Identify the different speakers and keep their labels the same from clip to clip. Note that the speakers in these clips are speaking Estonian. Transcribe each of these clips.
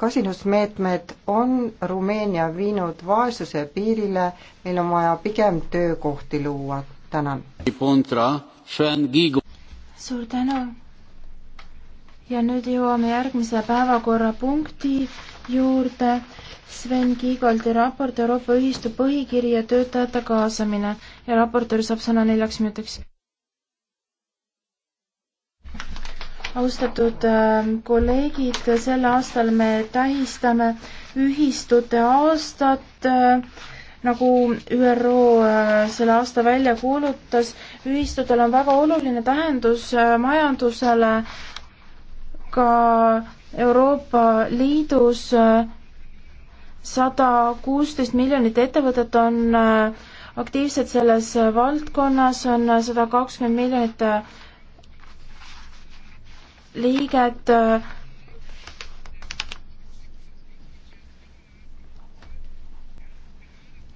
Speaker 1: kasinusmeetmed on Rumeenia viinud vaesuse piirile, meil on vaja pigem töökohti luua,
Speaker 2: tänan. suur tänu. ja nüüd jõuame järgmise päevakorrapunkti juurde. Sven Kiigoldi raport Euroopa Ühistu põhikiri ja töötajate kaasamine ja raportöör saab sõna neljaks minutiks austatud ähm, kolleegid, sel aastal me tähistame ühistute aastat, äh, nagu ÜRO äh, selle aasta välja kuulutas. ühistutel on väga oluline tähendus äh, majandusele ka Euroopa Liidus sada kuusteist miljonit ettevõtet on aktiivsed selles valdkonnas, on sada kakskümmend miljonit liiget äh,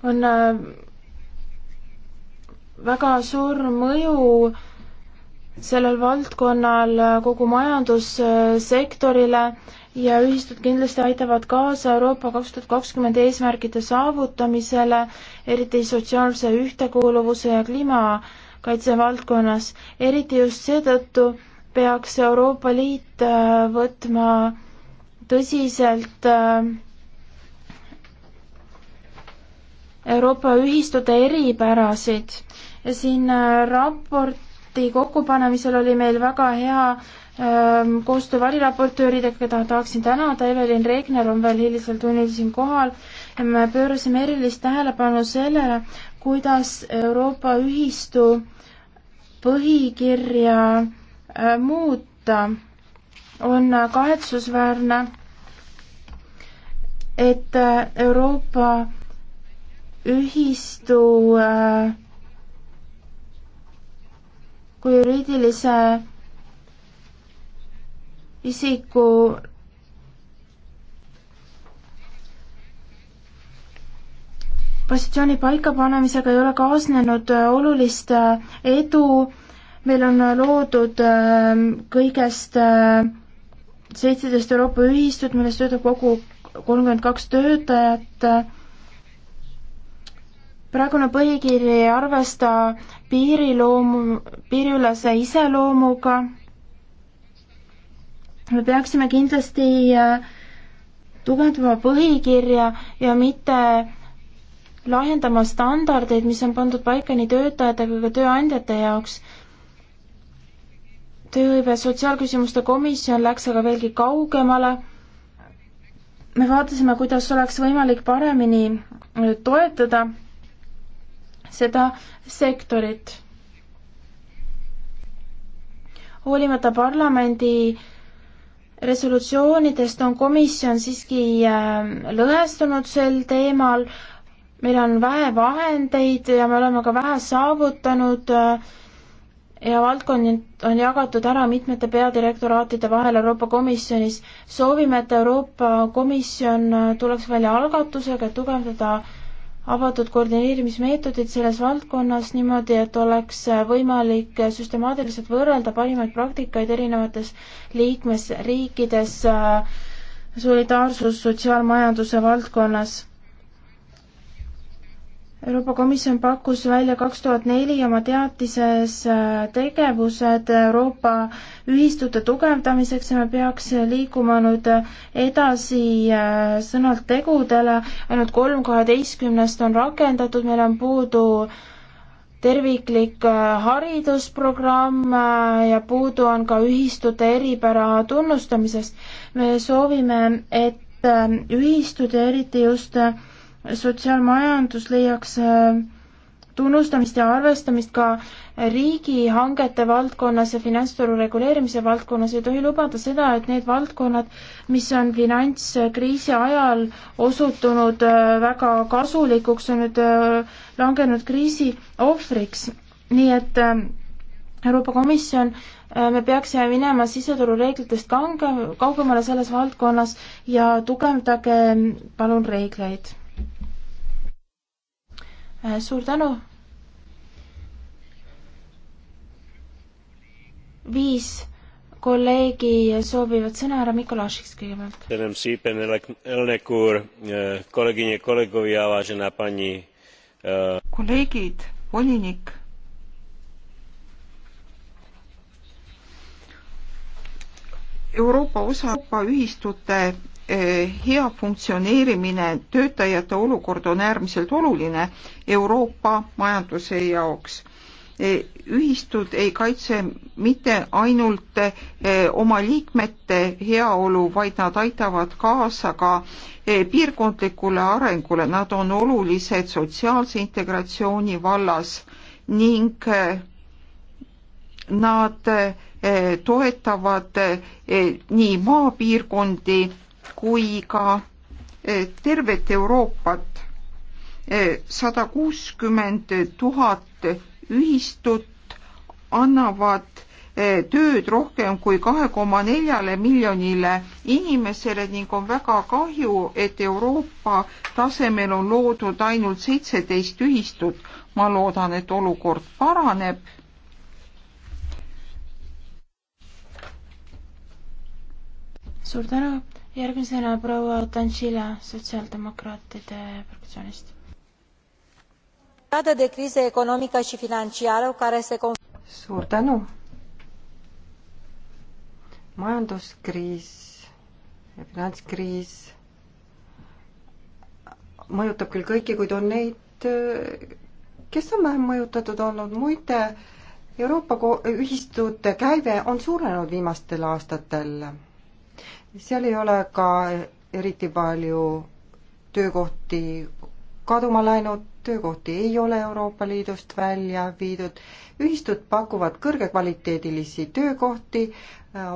Speaker 2: on äh, väga suur mõju sellel valdkonnal äh, kogu majandussektorile ja ühistud kindlasti aitavad kaasa Euroopa kaks tuhat kakskümmend eesmärkide saavutamisele, eriti sotsiaalse ühtekuuluvuse ja kliimakaitse valdkonnas, eriti just seetõttu, peaks Euroopa Liit äh, võtma tõsiselt äh, Euroopa ühistude eripärasid ja siin äh, raporti kokkupanemisel oli meil väga hea ähm, koostöö variraportööridega, keda tahaksin tänada, Evelin Regner on veel hilisel tunnil siin kohal, me pöörasime erilist tähelepanu sellele, kuidas Euroopa ühistu põhikirja Äh, muuta. on kahetsusväärne, et äh, Euroopa ühistu äh, kui juriidilise isiku positsiooni paikapanemisega ei ole kaasnenud olulist edu meil on äh, loodud ähm, kõigest äh, seitseteist Euroopa ühistut, milles töötab kogu kolmkümmend kaks töötajat. praegune põhikiri ei arvesta piiriloomu, piiriülese iseloomuga. me peaksime kindlasti äh, tugevdama põhikirja ja mitte lahendama standardeid, mis on pandud paika nii töötajate kui ka tööandjate jaoks tööhõive sotsiaalküsimuste komisjon läks aga veelgi kaugemale. me vaatasime, kuidas oleks võimalik paremini äh, toetada seda sektorit. hoolimata parlamendi resolutsioonidest on komisjon siiski äh, lõhestunud sel teemal, meil on vähe vahendeid ja me oleme ka vähe saavutanud äh, ja valdkond on jagatud ära mitmete peadirektoraatide vahel Euroopa Komisjonis. soovime, et Euroopa Komisjon tuleks välja algatusega, et tugevdada avatud koordineerimismeetodid selles valdkonnas niimoodi, et oleks võimalik süstemaatiliselt võrrelda parimaid praktikaid erinevates liikmesriikides äh, solidaarsus sotsiaalmajanduse valdkonnas Euroopa Komisjon pakkus välja kaks tuhat neli oma teatises äh, tegevused Euroopa ühistute tugevdamiseks ja me peaks liikuma nüüd edasi äh, sõnalt tegudele, ainult kolm kaheteistkümnest on rakendatud, meil on puudu terviklik äh, haridusprogramm ja puudu on ka ühistute eripära tunnustamisest. me soovime, et ühistud ja eriti just sotsiaalmajandus leiaks äh, tunnustamist ja arvestamist ka riigihangete valdkonnas ja finantsturu reguleerimise valdkonnas ei tohi lubada seda, et need valdkonnad, mis on finantskriisi ajal osutunud äh, väga kasulikuks, on nüüd äh, langenud kriisi ohvriks. nii et Euroopa Komisjon, me peaksime minema siseturureeglitest kange, kaugemale selles valdkonnas ja tugevdage palun reegleid Äh, suur tänu. viis kolleegi soovivad sõna, härra Mikolašiks kõigepealt.
Speaker 1: tänan, Siipen Elnekuur, kolleegid, kolleegid ja vaesena pani.
Speaker 2: kolleegid,
Speaker 1: volinik.
Speaker 3: Euroopa osa, Euroopa ühistute Eh, hea funktsioneerimine, töötajate olukord on äärmiselt oluline Euroopa majanduse jaoks. Eh, ühistud ei kaitse mitte ainult eh, oma liikmete heaolu, vaid nad aitavad kaasa ka piirkondlikule arengule, nad on olulised sotsiaalse integratsiooni vallas ning nad toetavad nii maapiirkondi kui ka eh, tervet Euroopat, eh, sada kuuskümmend tuhat ühistut annavad eh, tööd rohkem kui kahe koma neljale miljonile inimesele ning on väga kahju, et Euroopa tasemel on loodud ainult seitseteist ühistut. ma loodan, et olukord
Speaker 2: paraneb. suur tänu järgmisena proua Tantšila sotsiaaldemokraatide fraktsioonist.
Speaker 1: de criză economică și financiară cu care se suur tänu. majanduskriis ja finantskriis mõjutab küll kõiki, kuid on neid, kes on vähem mõjutatud olnud, muide Euroopa ühistute käive on suurenenud viimastel aastatel seal ei ole ka eriti palju töökohti kaduma läinud, töökohti ei ole Euroopa Liidust välja viidud, ühistud pakuvad kõrgekvaliteedilisi töökohti, äh,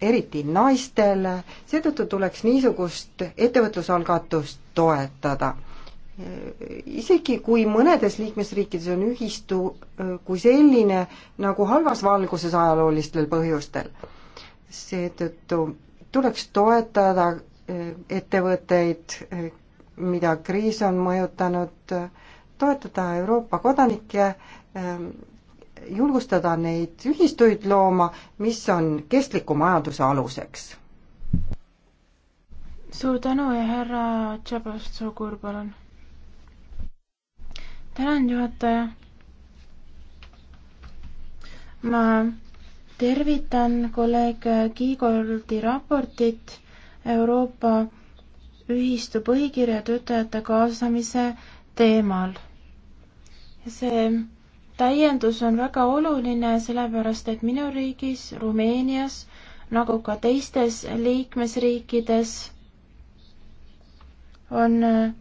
Speaker 1: eriti naistele, seetõttu tuleks niisugust ettevõtlusalgatust toetada. Äh, isegi kui mõnedes liikmesriikides on ühistu äh, kui selline nagu halvas valguses ajaloolistel põhjustel, seetõttu tuleks toetada eh, ettevõtteid, eh, mida kriis on mõjutanud, toetada Euroopa kodanikke, eh, julgustada neid ühistuid looma, mis on kestliku majanduse aluseks.
Speaker 2: suur tänu ja härra Tšabastsogur, palun. tänan, juhataja. ma tervitan kolleeg Kiigoldi raportit Euroopa ühistu põhikirja töötajate kaasamise teemal. see täiendus on väga oluline, sellepärast et minu riigis, Rumeenias, nagu ka teistes liikmesriikides on äh,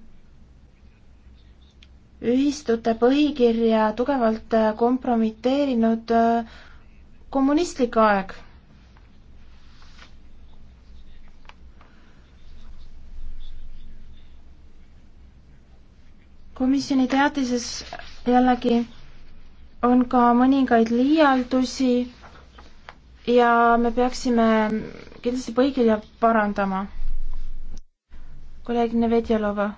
Speaker 2: ühistute põhikirja tugevalt äh, kompromiteerinud äh, kommunistlik aeg. komisjoni teadises jällegi on ka mõningaid liialdusi ja me peaksime kindlasti põigile parandama. kolleeg Nevedjalova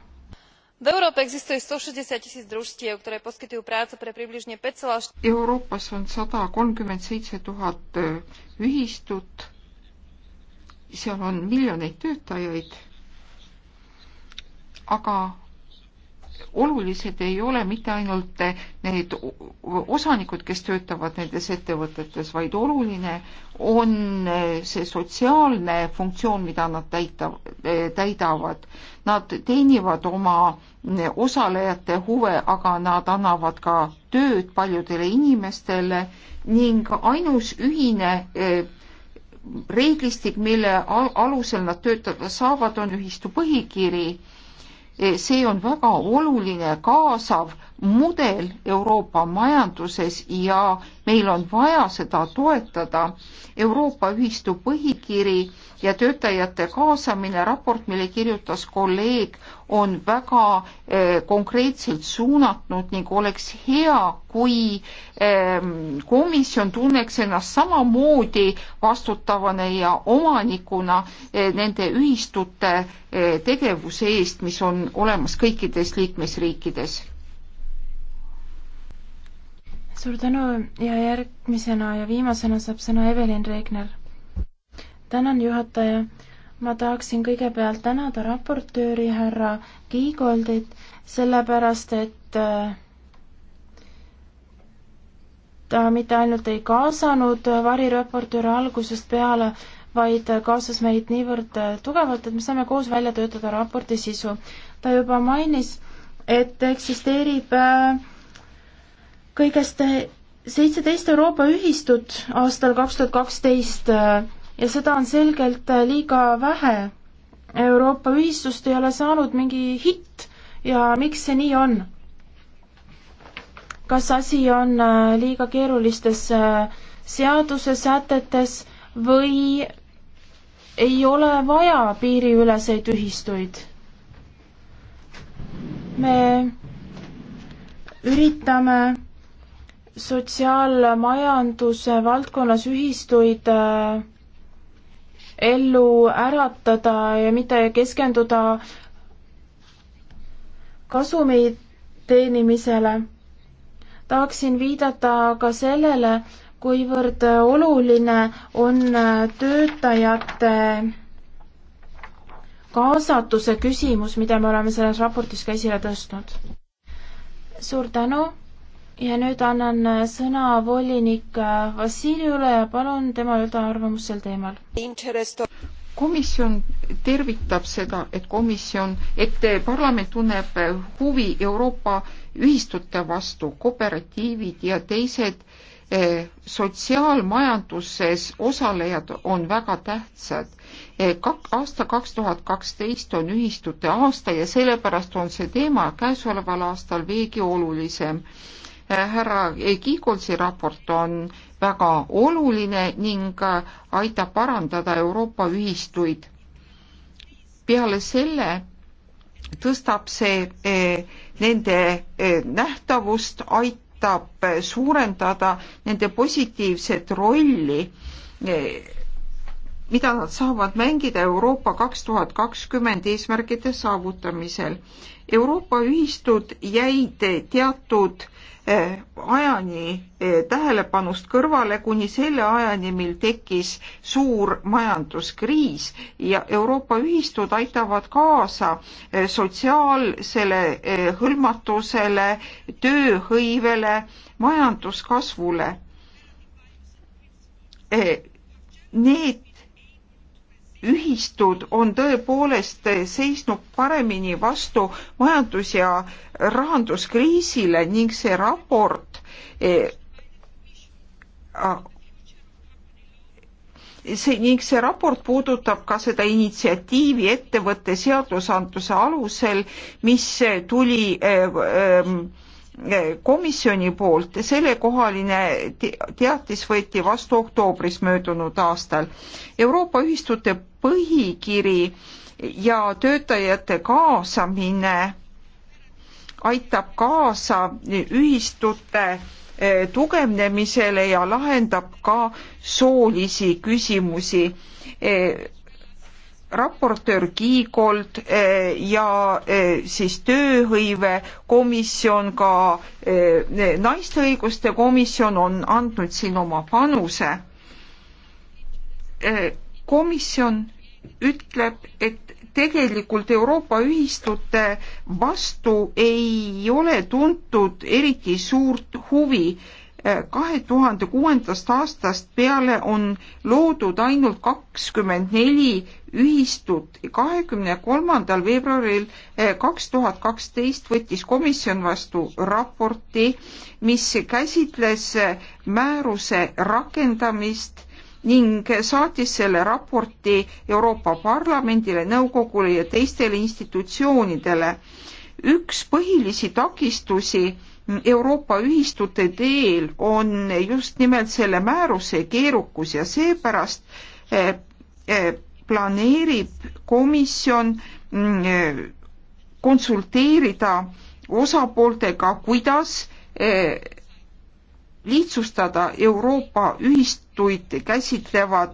Speaker 1: v Euroopa eksisteerib sada kuuskümmend tuhat družstiev, kes poskytuvad praegu pre približne petsalast.
Speaker 3: Euroopas on sada kolmkümmend seitse tuhat ühistut, e, seal on miljoneid töötajaid, aga olulised ei ole mitte ainult need osanikud, kes töötavad nendes ettevõtetes, vaid oluline on eh, see sotsiaalne funktsioon, mida nad täita, eh, täidavad. Nad teenivad oma eh, osalejate huve, aga nad annavad ka tööd paljudele inimestele ning ainus ühine reeglistik, mille alusel nad töötada saavad, on ühistu põhikiri Eh, see on väga oluline kaasav mudel Euroopa majanduses ja meil on vaja seda toetada. Euroopa ühistu põhikiri ja töötajate kaasamine, raport, mille kirjutas kolleeg, on väga eh, konkreetselt suunatud ning oleks hea, kui eh, komisjon tunneks ennast samamoodi vastutavana ja omanikuna eh, nende ühistute eh, tegevuse eest, mis on olemas kõikides liikmesriikides
Speaker 2: suur tänu ja järgmisena ja viimasena saab sõna Evelin Regner. tänan, juhataja. ma tahaksin kõigepealt tänada raportööri härra Kiigoldit, sellepärast et äh, ta mitte ainult ei kaasanud variraportööre algusest peale, vaid kaasas meid niivõrd äh, tugevalt, et me saame koos välja töötada raporti sisu. ta juba mainis, et eksisteerib äh, kõigest seitseteist Euroopa ühistut aastal kaks tuhat kaksteist äh, ja seda on selgelt äh, liiga vähe. Euroopa ühistust ei ole saanud mingi hitt ja miks see nii on? kas asi on äh, liiga keerulistes seadusesätetes või ei ole vaja piiriüleseid ühistuid? me üritame sotsiaalmajanduse valdkonnas ühistuid äh, ellu äratada ja mitte keskenduda kasumi teenimisele. tahaksin viidata ka sellele, kuivõrd oluline on äh, töötajate kaasatuse küsimus, mida me oleme selles raportis ka esile tõstnud. suur tänu ja nüüd annan äh, sõna volinik äh, Vassiljule ja palun temal öelda arvamust sel teemal. komisjon tervitab seda, et komisjon, et äh, parlament
Speaker 3: tunneb huvi Euroopa ühistute vastu, kooperatiivid ja teised sotsiaalmajanduses osalejad on väga tähtsad. Kak-, aasta kaks tuhat kaksteist on ühistute aasta ja sellepärast on see teema käesoleval aastal veegi olulisem härra Kiigolsi raport on väga oluline ning aitab parandada Euroopa ühistuid. peale selle tõstab see eh, nende eh, nähtavust, aitab suurendada nende positiivset rolli, eh, mida nad saavad mängida Euroopa kaks tuhat kakskümmend eesmärgide saavutamisel Euroopa ühistud jäid teatud eh, ajani eh, tähelepanust kõrvale kuni selle ajani, mil tekkis suur majanduskriis ja Euroopa ühistud aitavad kaasa eh, sotsiaalsele hõlmatusele, tööhõivele, majanduskasvule. Need ühistud on tõepoolest seisnud paremini vastu majandus- ja rahanduskriisile ning see raport eh, see ning see raport puudutab ka seda initsiatiivi ettevõtte seadusandluse alusel, mis tuli eh, eh, komisjoni poolt, sellekohaline teatis võeti vastu oktoobris möödunud aastal. Euroopa ühistute põhikiri ja töötajate kaasamine aitab kaasa ühistute eh, tugevnemisele ja lahendab ka soolisi küsimusi. Eh, raportöör Kiigold eh, ja siis tööhõive komisjon, ka naiste õiguste komisjon on andnud siin oma panuse. komisjon ütleb, et tegelikult Euroopa ühistute vastu ei ole tuntud eriti suurt huvi. kahe tuhande kuuendast aastast peale on loodud ainult kakskümmend neli ühistut. kahekümne kolmandal veebruaril eh, kaks tuhat kaksteist võttis komisjon vastu raporti, mis käsitles eh, määruse rakendamist ning saatis selle raporti Euroopa Parlamendile, nõukogule ja teistele institutsioonidele. üks põhilisi takistusi Euroopa ühistute teel on just nimelt selle määruse keerukus ja seepärast eh, eh, planeerib komisjon mm, konsulteerida osapooltega, kuidas eh, lihtsustada Euroopa ühistuid käsitlevat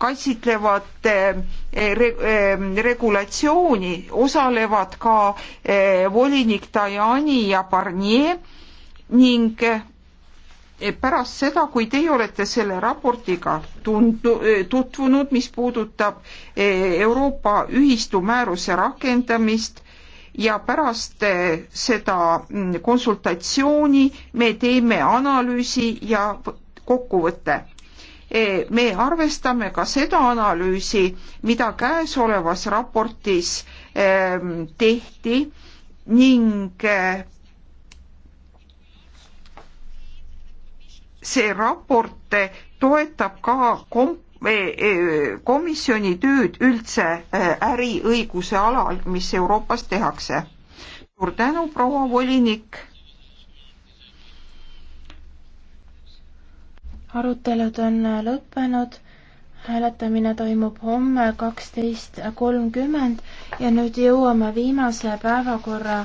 Speaker 3: käsitlevat eh, regulatsiooni osalevad ka eh, volinik Tajani ja Barnier ning eh, pärast seda, kui teie olete selle raportiga tundu, tutvunud, mis puudutab Euroopa ühistu määruse rakendamist, ja pärast eh, seda mm, konsultatsiooni me teeme analüüsi ja kokkuvõtte. E, me arvestame ka seda analüüsi, mida käesolevas raportis ehm, tehti ning eh, see raport eh, toetab ka komp-, E, komisjoni tööd üldse e, äriõiguse alal, mis Euroopas tehakse. suur tänu, proua volinik.
Speaker 2: arutelud on lõppenud, hääletamine toimub homme kaksteist kolmkümmend ja nüüd jõuame viimase päevakorra